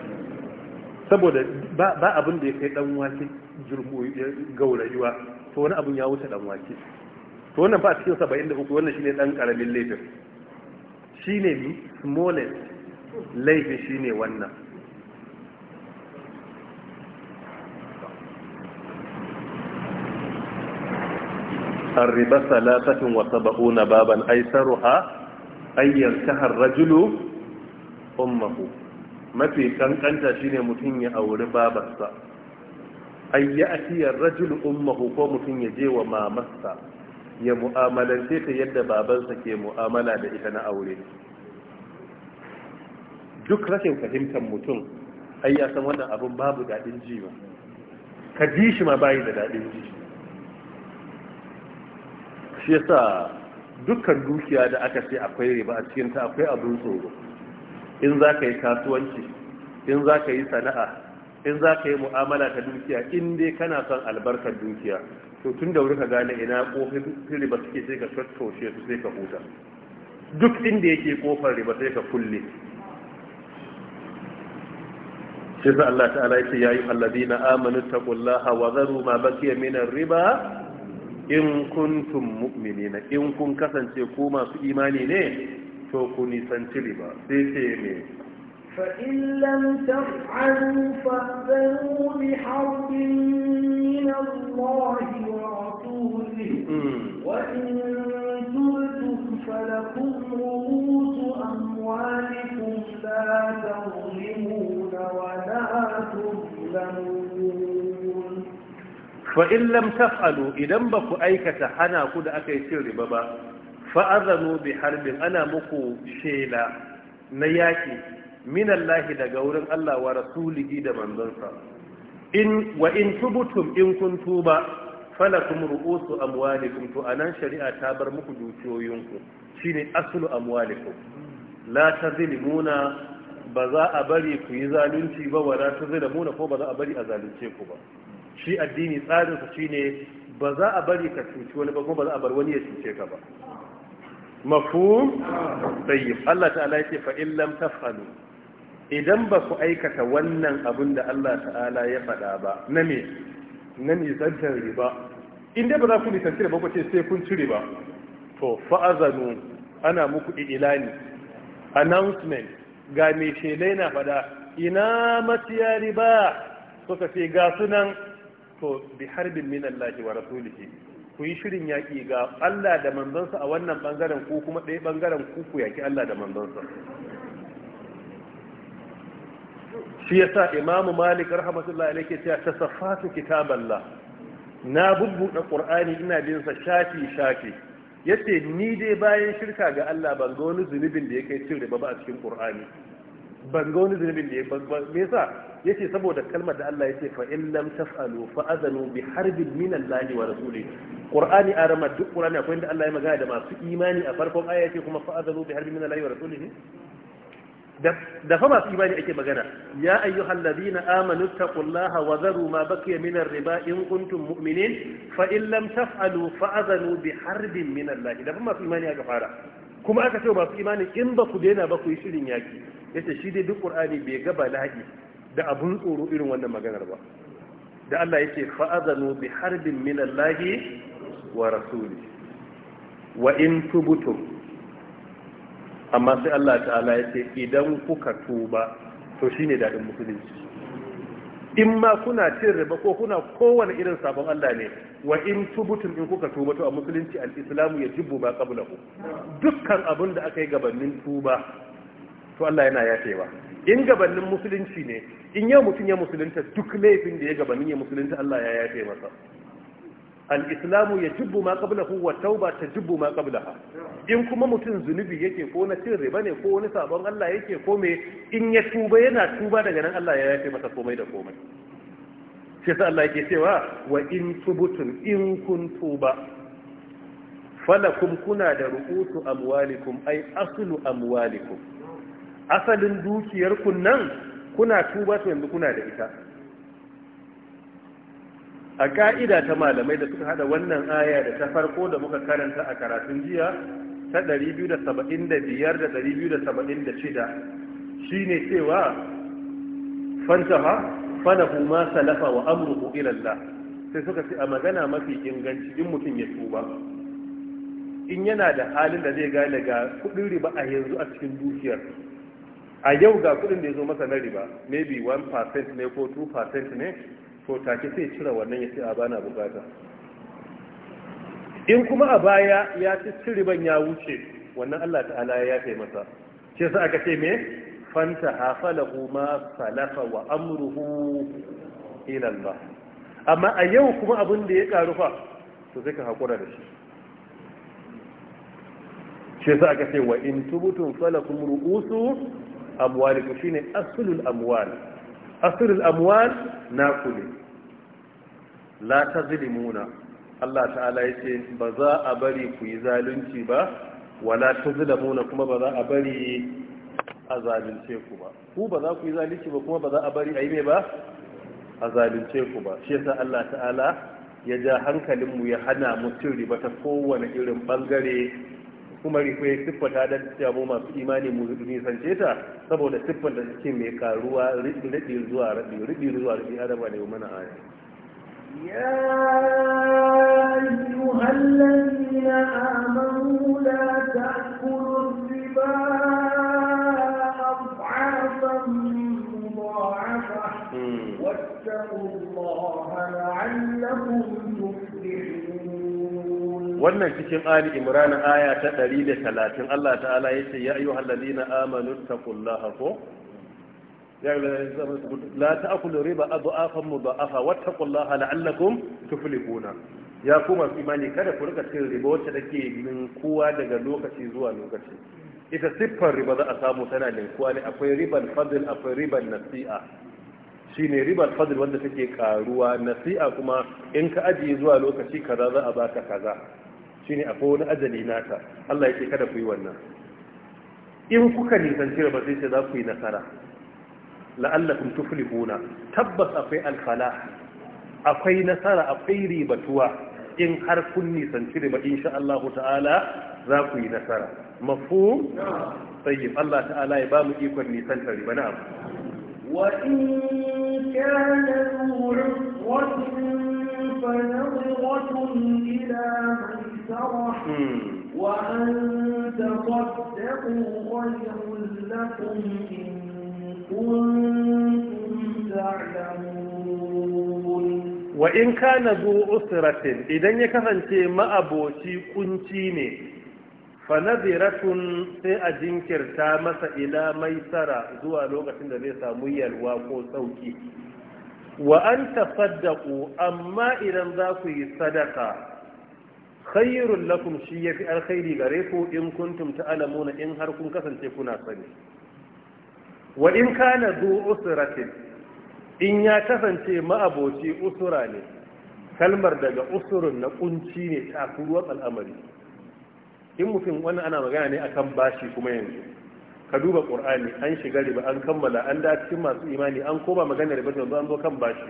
saboda ba abin da ya kai ɗan wake gaurayuwa to wani abin ya wuce ɗan wake to wannan ba cikin saba'in da uku wannan shine ɗan ƙaramin laifin shi ne smallest laifin shi ne wannan arriba salatatin wasa sabahu na baban aisaru ha ayyar kahar rajulu ummahu mafi kankanta shi ne mutum ya auri babarsa ayyar kahar rajulu ummahu ko mutum ya je wa mamasta ya mu'amalance ta yadda babansa ke mu'amala da ita na aure duk rashin fahimtar mutum ai ya san wannan abun babu daɗin ji ba ka ji shi ma bayi da daɗin ji shi yasa dukkan dukiya da aka ce akwai riba a cikin ta akwai abun tsoro in za ka yi kasuwanci in za ka yi sana'a in za ka yi mu'amala ta dukiya in dai kana son albarkar dukiya to tun da wuri ka gane ina kofin riba suke sai ka tattoshe su sai ka huta duk inda yake kofar riba sai ka kulle shi sa Allah ta'ala ya ya yi na amanu taqullaha wa zaru ma baqiya min riba in kuntum mu'minina in kun kasance ko masu imani ne to ku nisanci riba sai ce me فإن لم تفعلوا فأذنوا بحرب من الله ورسوله وإن تبتم فلكم رؤوس أموالكم لا تظلمون ولا تظلمون فإن لم تفعلوا إذا بك أيكة حنا كد أكيسير بابا فأذنوا بحرب أنا مكو شيلا نياكي minallahi daga wurin Allah wa rasulihi da manzansa in wa in tubutum in kun tuba falakum ru'usu amwalikum to anan shari'a ta bar muku dukiyoyinku shine aslu amwalikum la tazlimuna ba za a bari ku yi zalunci ba wa tazlimuna ko ba za a bari a zalunce ku ba shi addini tsarin sa shine ba za a bari ka cuci wani ba ko ba za a bar wani ya cuce ka ba mafhum tayyib Allah ta'ala yake fa in lam taf'alu idan ba ku aikata wannan abin da Allah ta'ala ya faɗa ba na me na zantar riba inda ba za ku nisantar ba ku sai kun ci riba to fa'azanu ana muku ilani announcement ga me shelai na faɗa ina matiya riba ka ce ga sunan to bi harbin min Allah wa rasulihi ku yi shirin yaƙi ga Allah da manzansa a wannan bangaren ku kuma ɗaya bangaren ku ku yaƙi Allah da manzansa shi sa imamu malik rahmatullahi alayhi cewa ta safafi kitaballah na bubbuɗe qur'ani ina bin sa shafi shafi yace ni dai bayan shirka ga Allah ban ga wani zunubin da ya kai cin riba ba a cikin qur'ani ban ga wani zunubin da ya me yasa yace saboda kalmar da Allah yace fa in lam taf'alu fa azanu bi harbin min Allah wa rasulih qur'ani arama duk qur'ani akwai inda Allah ya magana da masu imani a farkon ayati kuma fa azanu bi harbin min Allah wa rasulih da fa masu imani ake magana ya ayyuhal ladina amanu taqullaha wa zaru ma baqiya minar riba in kuntu mu'minin fa in lam taf'alu bi harbin min lahi. da fa masu imani aka fara kuma aka ce masu imani in ba ku daina ba ku yi shirin yaki ce shi dai duk qur'ani bai ga lahi da abun tsoro irin wannan maganar ba da Allah yake fa'adhanu bi harbin min lahi wa rasuli wa in tubtum amma sai Allah ta'ala ya ce idan kuka tuba to shine dadin musulunci in ma kuna cin riba ko kuna kowane irin sabon Allah ne wa in tubutum in kuka tuba to a musulunci al ya yajibu ba qablahu dukkan abin da aka yi gabanin tuba to Allah yana yafewa in gabanin musulunci ne in yau mutum ya musulunta duk laifin da ya gabanin ya musulunta Allah ya yafe masa al-islamu jibbu ma qablahu wa tauba jibbu ma qablaha in kuma mutum zunubi yake ko na cin riba ne ko wani sabon Allah yake ko me in ya tuba yana tuba daga nan Allah ya yafe masa komai da komai sai sa Allah yake cewa wa in tubutun in kun tuba falakum kuna da ru'usu amwalikum ai aslu amwalikum asalin dukiyar kun nan kuna tuba to yanzu kuna da ita a ka'ida ta malamai da suka hada wannan aya da ta farko da muka karanta a karatun jiya ta 275 da 276 shine cewa fantaha fanahu ma salafa wa amurku ilallah sai suka ce a magana mafi inganci in mutum ya tuba in yana da halin da zai gane ga kudin riba a yanzu a cikin dukiyar a yau ga kudin da ya zo masa na riba maybe 1% ne ko 2% ne to take sai cire wannan ya ce a bana bukata in kuma a baya ya ci ciriban ya wuce wannan Allah ta'ala ya yafe masa ce sai aka ce me fanta hafalahu ma salafa wa amruhu ila Allah amma a yau kuma abin da ya karu fa to sai ka hakura da shi ce sai aka ce wa in tubutun falakum ru'usu amwalikum shine aslul amwal aslul amwal kullu la ta Allah ta'ala ya ce ba za a bari ku yi zalunci ba wala ta kuma ba za a bari a zalunce ku ba ku ba za ku yi zalunci ba kuma ba za a bari a yi mai ba a zalunce ku ba shi yasa Allah ta'ala ya ja hankalinmu ya hana mutum riba ta kowane irin bangare kuma riba ya siffata da cewa mu masu imani mu nisance ta saboda siffar da mai karuwa riɗi zuwa riɗi riɗi zuwa riɗi adaba ne mana aya يا أيها الذين آمنوا لا wannan cikin Ali Imran aya ta 130 Allah ta'ala yace ya ayyuhallazina amanu taqullaha ko يا لا تأكلوا ربا أضعافا مضاعفا واتقوا الله لعلكم تفلحون Ya كما في إيماني kada ku rika cin riba wacce take min kowa daga lokaci zuwa lokaci ita siffar riba za a samu tana ninkuwa ne akwai riban fadl akwai riban nasi'a shine riban fadl wanda take karuwa nasi'a kuma in ka ajiye zuwa lokaci kaza za a baka kaza shine akwai wani ajali naka Allah yake kada ku yi wannan in kuka nisanci riba sai ce za ku yi nasara la'allakum tuflihuna tabbas akwai alfala akwai nasara akwai ribatuwa in har kun nisanci riba insha Allah ta'ala za ku yi nasara mafhum tayyib Allah ta'ala ya ba mu ikon nisanta riba na'am wa in kana ru'watun فنظرة إلى ميسرة وأن تصدقوا خير لكم إن wa in kana zu usratin idan ya kasance ma'aboci kunci ne fa nadiratun sai a jinkirta masa ila mai sara zuwa lokacin da zai samu yalwa ko sauki wa an tasaddaqu amma idan za ku yi sadaka khairul lakum shi yafi alkhairi gare ku in kuntum alamuna in har kun kasance kuna sani wa in kana zu usratin in ya kasance ma'aboci usura ne kalmar daga usurun na kunci ne ta kuruwar al'amari in mutum wannan ana magana ne akan bashi kuma yanzu ka duba qur'ani an shiga riba an kammala an da cikin masu imani an koma magana riba yanzu an zo kan bashi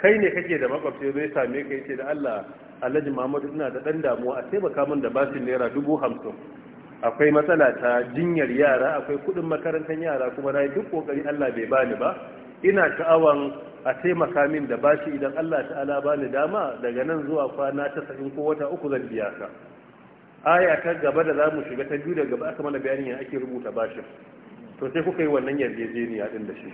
kai ne kake da makwabci zai same ka yace da Allah Alhaji Muhammadu ina da dan damuwa a taimaka min da bashin naira dubu hamsin akwai matsala ta jinyar yara akwai kudin makarantar yara kuma na yi duk kokari Allah bai bani ba ina sha'awan a taimaka min da bashi idan Allah ta'ala bani dama daga nan zuwa kwana ta sa'in ko wata uku zan biya ka aya ta gaba da za mu shiga ta biyu da gaba aka mana bayanin yana ake rubuta bashin to sai kuka yi wannan yarjejeniya din da shi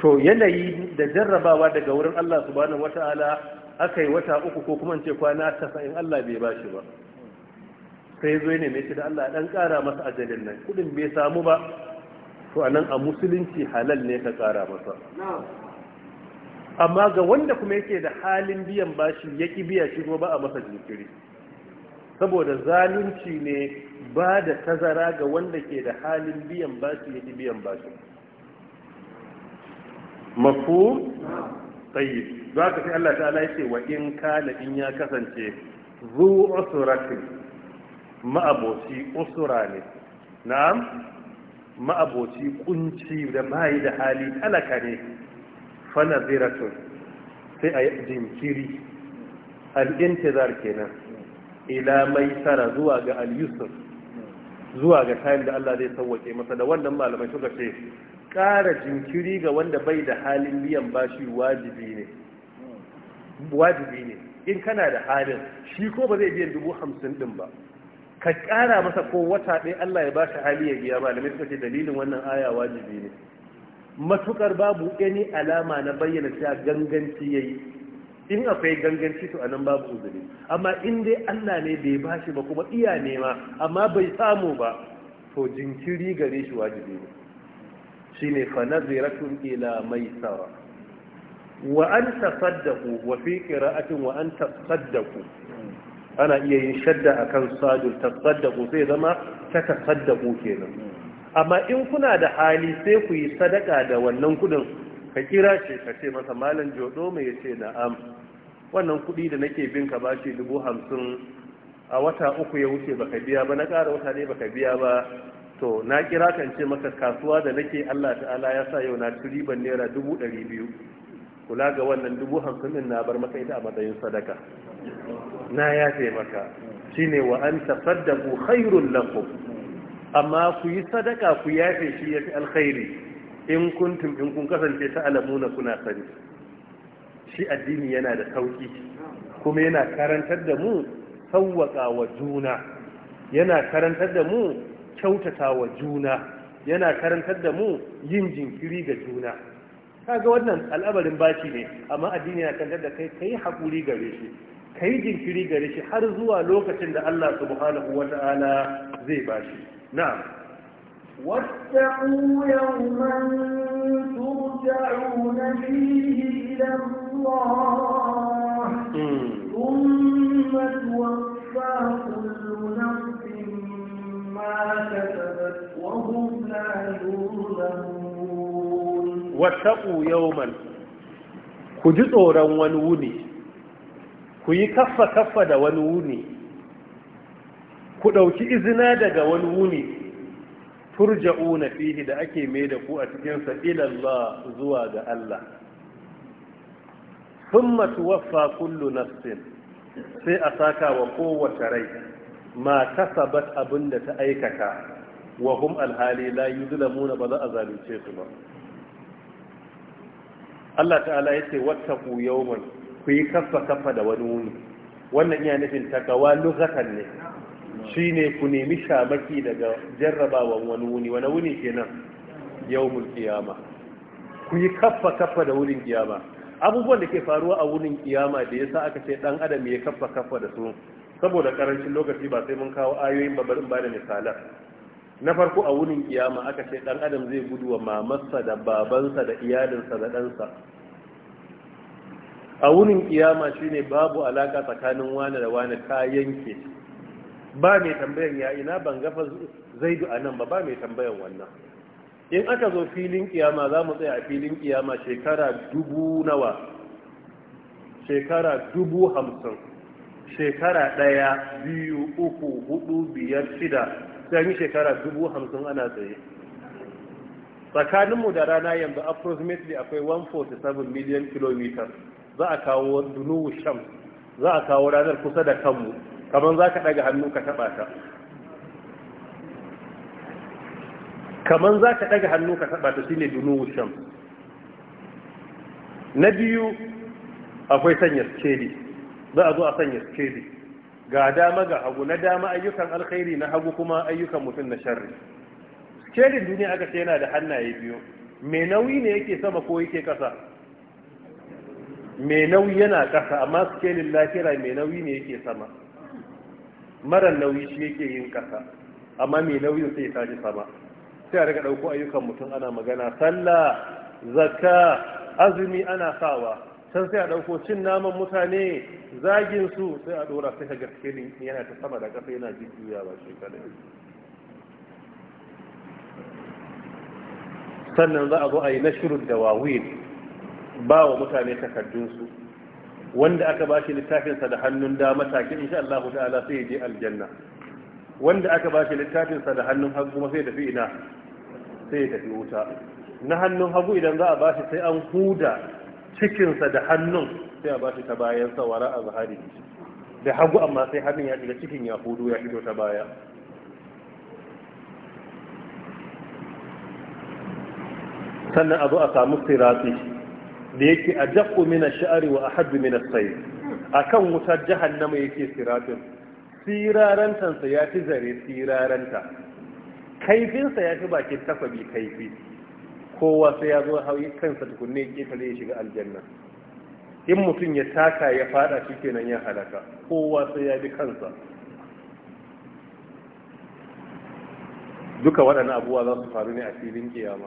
to yanayi da jarrabawa daga wurin Allah subhanahu wata'ala aka yi wata uku ko kuma in ce kwana ta sa'in Allah bai bashi ba sai zo ne mai da Allah dan kara masa ajalin nan kudin bai samu ba to anan a musulunci halal ne ka kara masa amma ga wanda kuma yake da halin biyan bashi ya ki biya shi ba a masa jinkiri saboda zalunci ne ba da tazara ga wanda ke da halin biyan bashi ya ki biyan bashi mafu tsayi za ka sai Allah ta ya wa in kana in ya kasance zuwa usratin ma'aboci usura ne na'am ma'aboci kunci da bayi da hali talaka ne fanaziratun sai a jinkiri al'intizar kenan ila mai tsara zuwa ga al-yusuf zuwa ga kayan da Allah zai sauwake masa da wannan malamai suka ce ƙara jinkiri ga wanda bai da halin biyan bashi wajibi ne wajibi ne in kana da halin shi ko ba zai biyan dubu hamsin din ba ka ƙara masa ko wata ɗaya Allah ya ba shi hali ya biya ba, da suka ce dalilin wannan aya wajibi ne matukar babu any alama na bayyana cewa ganganci yayi in akwai ganganci to anan babu uzuri amma in dai Allah ne bai bashi ba kuma iya nema amma bai samu ba to jinkiri gare shi wajibi ne shine fa naziratun ila maisara wa an tasaddaqu wa fi qira'atin wa an tasaddaqu ana iya yin shadda a kan akan sadul tasaddaqu zai zama ta ke nan, amma in kuna da hali sai ku yi sadaka da wannan kudin ka kira ce ka ce masa malam jodo mai yace na'am wannan kudi da nake bin ka bashi dubu hamsin a wata uku ya wuce baka biya ba na ƙara wata ne baka biya ba to na kira kan ce maka kasuwa da nake Allah ta'ala ya sa yau na ci riban naira dubu ɗari biyu kula ga wannan dubu hamsin din na bar maka ita a matsayin sadaka na yafe maka shine wa an ku khairul lakum amma ku yi sadaka ku yafe shi ya fi alkhairi in kuntum in kun kasance ta alamuna kuna sani shi addini yana da sauki kuma yana karantar da mu sauwaka wa juna yana karantar da mu kyautata wa juna yana karantar da mu yin jinkiri ga juna kaga wannan al'amarin baci ne amma addini yana karantar da kai kai haƙuri gare shi ka yi jinkiri gare shi har zuwa lokacin da Allah subhanahu wa ta'ala zai ba shi na'am wata'u yawman turja'una fihi ila Allah thumma tuwaffa kullu nafsin ma kasabat wa hum la yuzlamun wata'u yawman ku ji tsoron wani wuni ku yi kaffa kaffa da wani wuni ku ɗauki izina daga wani wuni na fihi da ake mai da ku a cikinsa ilallah zuwa ga Allah masu waffa kullu nafsin sai a saka wa kowace rai ma kasabat abin da ta aikata wa hum alhali la yuzlamuna ba za a zalunce su ba Allah ta'ala ku yau mai ku yi kaffa kaffa da wani wuni wannan iya nufin takawa lokacin ne Shi ne ku nemi shamaki daga jarrabawan wani wuni wani wuni ke nan. Yau mun kiyama. ku yi kaffa kaffa da wurin kiyama abubuwan da ke faruwa a wurin kiyama da yasa aka ce dan adam ya kaffa kaffa da su saboda karancin lokaci ba sai mun kawo ayoyin babban ba da misalan na farko a wurin kiyama aka ce dan adam zai gudu wa mamarsa da babansa da iyalinsa da ɗansa a wurin kiyama shine babu alaka tsakanin wane da wane ta yanke ba mai tambayan ya ina ban gafa zaidu a nan ba ba mai tambayan wannan in aka zo filin kiyama za mu tsaya a filin kiyama shekara dubu nawa shekara dubu hamsin shekara ɗaya biyu uku hudu biyar shida sai yi shekara dubu hamsin ana tsaye tsakaninmu da rana yanzu approximately akwai 147 million kilometers za a kawo dunuwu sham za a kawo ranar kusa da kanmu kamar za ka ɗaga hannu ka taɓa ta kamar za ka ɗaga hannu ka taɓa ta shine dunuwu sham na biyu akwai sanya skeli za a zo a sanya skeli ga dama ga hagu na dama ayyukan alkhairi na hagu kuma ayyukan mutum na sharri skelin duniya aka ce yana da hannaye biyu mai nauyi ne yake sama ko yake ƙasa mai nauyi yana ƙasa amma sikelin lahira mai nauyi ne yake sama mara nauyi shi yake yin ƙasa amma mai nauyin sai ya tashi sama sai a riga ɗauko ayyukan mutum ana magana sallah zakka azumi ana sawa can sai a ɗauko cin naman mutane zagin su sai a ɗora sai ga gaske yana ta sama da ƙasa yana jujjuya ba shi kadai sannan za a zo a yi na shirin da ba wa mutane takardunsu wanda aka ba shi littafinsa da hannun dama take insha Allah ta'ala sai je aljanna wanda aka ba shi littafinsa da hannun hagu kuma sai tafi ina sai tafi wuta na hannun hagu idan za a ba shi sai an huda cikinsa da hannun sai a ba shi ta bayan sawara a zahari da hagu amma sai hannun ya shiga cikin ya hudu ya shigo ta baya sannan a zo a samu sirati da yake a jaku mina sha'ari wa a haddu mina sai a kan wutar jahannama yake siratun sirarantansa ya fi zare siraranta kaifinsa ya fi bakin tafabi kaifi kowa sai ya zo hauyi kansa tukunne ƙetare ya shiga aljanna in mutum ya taka ya fada shi kenan ya halaka kowa sai ya bi kansa duka waɗannan abubuwa za su faru ne a filin kiyama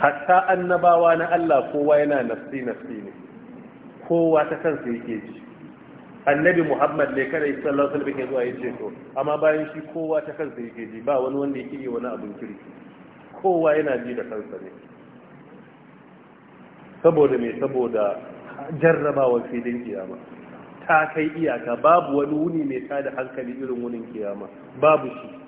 hatta annabawa na Allah kowa yana nafsi nafsi ne kowa ta kansa yake ji annabi Muhammad ne kada ya sallallahu alaihi wasallam zuwa yace to amma bayan shi kowa ta kansa yake ji ba wani wanda yake yi wani abin kiri kowa yana ji da kansa ne saboda me saboda jarrabawar filin kiyama ta kai iyaka babu wani wuni mai tada hankali irin wunin kiyama babu shi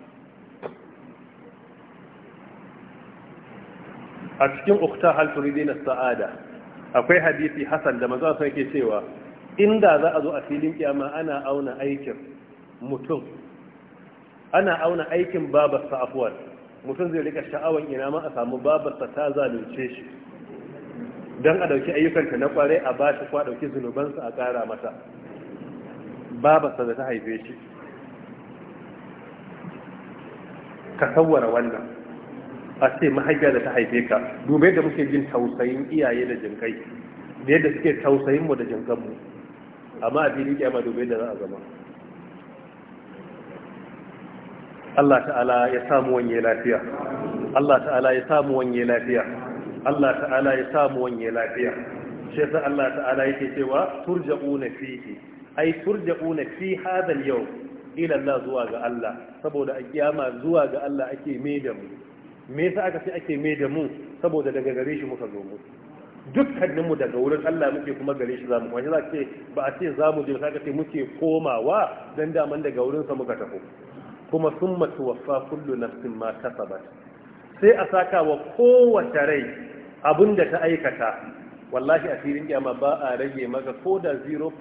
a cikin ukta hal turidina sa'ada akwai hadisi hasan da manzo sai yake cewa inda za a zo a filin kiyama ana auna aikin mutum ana auna aikin babarsa afuwar mutum zai rika sha'awan ina ma a samu babarsa ta zalunce shi don a ɗauki ayyukanta na kwarai a ba shi kwa dauki zunubansa a kara mata babarsa da ta haife shi ka sawwara wannan a ce mahaifiyar da ta haife ka dubai da muke jin tausayin iyaye da jinkai da yadda suke tausayin mu da jinkan mu amma a fili kyama dubai da za a zama Allah ta'ala ya samu wanye lafiya Allah ta'ala ya samu wanye lafiya Allah ta'ala ya samu wanye lafiya shi yasa Allah ta'ala yake cewa turja'una fihi ai turja'una fi hadha al-yawm ila Allah zuwa ga Allah saboda a kiyama zuwa ga Allah ake mai da mu me yasa aka ce ake mai da mu saboda daga gare shi muka zo mu dukkaninmu daga wurin Allah muke kuma gare shi zamu wani za ce ba a ce zamu je ba ce muke komawa dan daman daga wurin sa muka tafi kuma summa tuwaffa kullu nafsin ma kasabat sai a saka wa kowace rai abinda ta aikata wallahi a filin kiyama ba a rage maka ko da 0.1%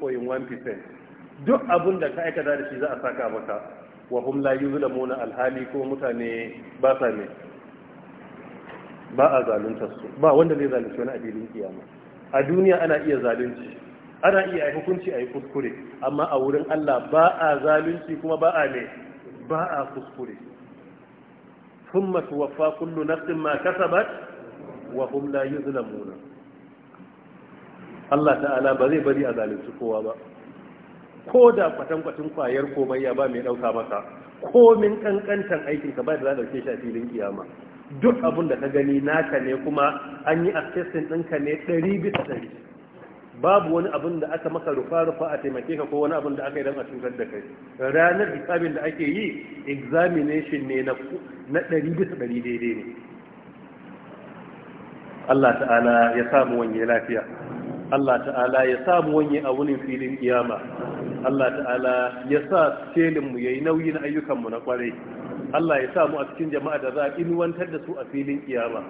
duk abinda ka aikata da shi za a saka maka wa hum la yuzlamuna alhali ko mutane ba sa ne ba a zalunta su ba wanda zai zalunci wani a kiyama a duniya ana iya zalunci ana iya yi hukunci a yi kuskure amma a wurin Allah ba a zalunci kuma ba a ne ba a kuskure thumma Wafa kullu nafsin ma kasabat wa hum yi zulamuna Allah ta'ala ba zai bari a zalunci kowa ba ko da kwatankwacin kwayar komai ya ba mai ɗauka maka komin ƙanƙantan aikinka ba da za a ɗauke shi a filin kiyama duk abin da ka gani naka ne kuma an yi accessing ɗinka ne ɗari bisa ɗari babu wani abin da aka maka rufa-rufa a taimake ka ko wani abin da aka yi don a cutar da kai ranar hisabin da ake yi examination ne na ɗari bisa ɗari daidai ne Allah ta'ala ya samu wanye lafiya Allah ta'ala ya samu wanye a wunin filin kiyama Allah ta'ala ya sa mu yayi nauyi na ayyukanmu na kwarai Allah ya sa mu a cikin jama'a da za a inuwantar da su a filin kiyama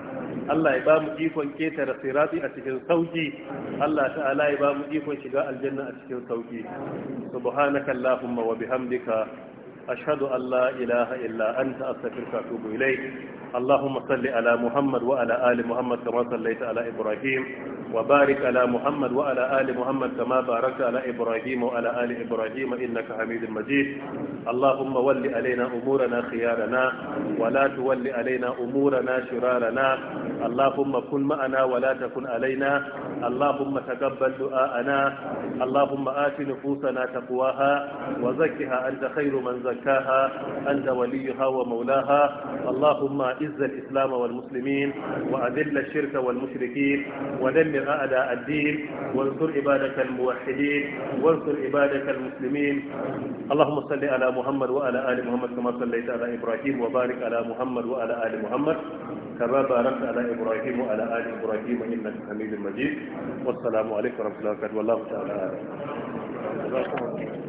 Allah ya ba mu ikon ketare sirati a cikin sauki Allah ta'ala ya ba mu ikon shiga aljanna a cikin sauki subhanakallahumma wa bihamdika أشهد أن لا إله إلا أنت أستغفرك وأتوب إليك اللهم صل على محمد وعلى آل محمد كما صليت على إبراهيم وبارك على محمد وعلى آل محمد كما باركت على إبراهيم وعلى آل إبراهيم إنك حميد مجيد اللهم ول علينا أمورنا خيارنا ولا تول علينا أمورنا شرارنا اللهم كن معنا ولا تكن علينا اللهم تقبل دعاءنا اللهم آت نفوسنا تقواها وزكها أنت خير من زكاها وزكاها أنت وليها ومولاها اللهم أعز الإسلام والمسلمين وأذل الشرك والمشركين ودمر أعداء الدين وانصر عبادك الموحدين وانصر عبادك المسلمين اللهم صل على محمد وعلى آل محمد كما صليت على إبراهيم وبارك على محمد وعلى آل محمد كما باركت على إبراهيم وعلى آل إبراهيم إنك حميد مجيد والسلام عليكم ورحمة الله وبركاته والله تعالى أعلم